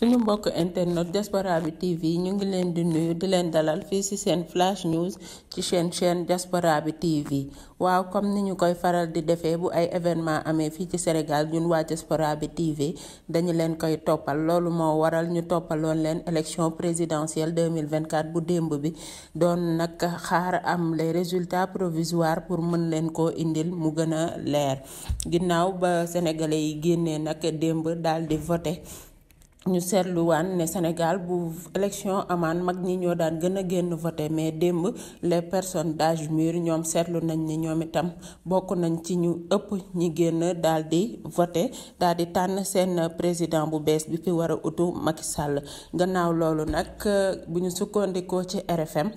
suñu mbokk internet Diasporabi TV ñu ngi leen di nuyu di leen dalal fii si seen flash news ci seen chaîne Diasporabi TV waaw comme ni ñu koy faral di defee bu ay événement amee fii ci Sénégal ñun waa bi TV dañu leen koy toppal loolu moo waral ñu toppaloon leen élection présidentielle 2024 bu démb bi doon nag xaar am les résultats provisoires pour mën leen ko indil mu gën a leer ginnaaw ba sénégalais yi génnee nag démb daal di voté ñu seetluwaan ne Sénégal bu élection amaan mag ñi ñoo daan gën a génn voté mais démb les personnes d'âge mûr ñoom seetlu nañ ni ñoom itam bokk nañ ci ñu ëpp ñi génn daal di voté daal di tànn seen président bu bees bi fi war a utu Macky Sall gannaaw loolu nag bu ñu sukkandikoo ci RFM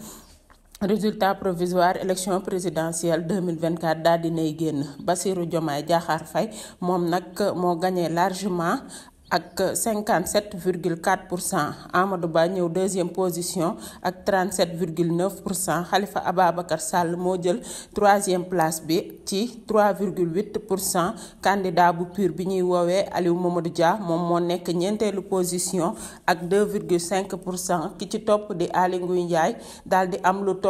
résultat provisoire élection présidentielle 2024 daal dinay génn Bassirou Diomaye Diakhar Faye moom nag moo gagné largement ak 57,4% Amadou Ba deuxième position ak 37,9% Khalifa Ababakar Sall mo troisième place 3,8% candidat bu pur bi ñuy wowe Aliou Momadou Dia mom mo position ak 2,5% ki ci top di Ali Nguy Ndiay dal di am 1,2%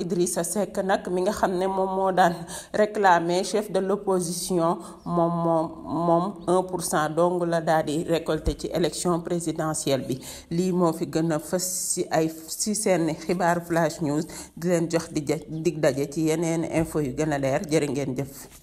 Idrissa Seck nak mi nga mom réclamer chef de l'opposition mom mom un pour dong la daal di récolter ci élection présidentielle bi lii moo fi gën a fës ci ay ci seen xibaar flash news di leen jox di dig daje ci yeneen info yu gën a leer jërë ngeen jëf.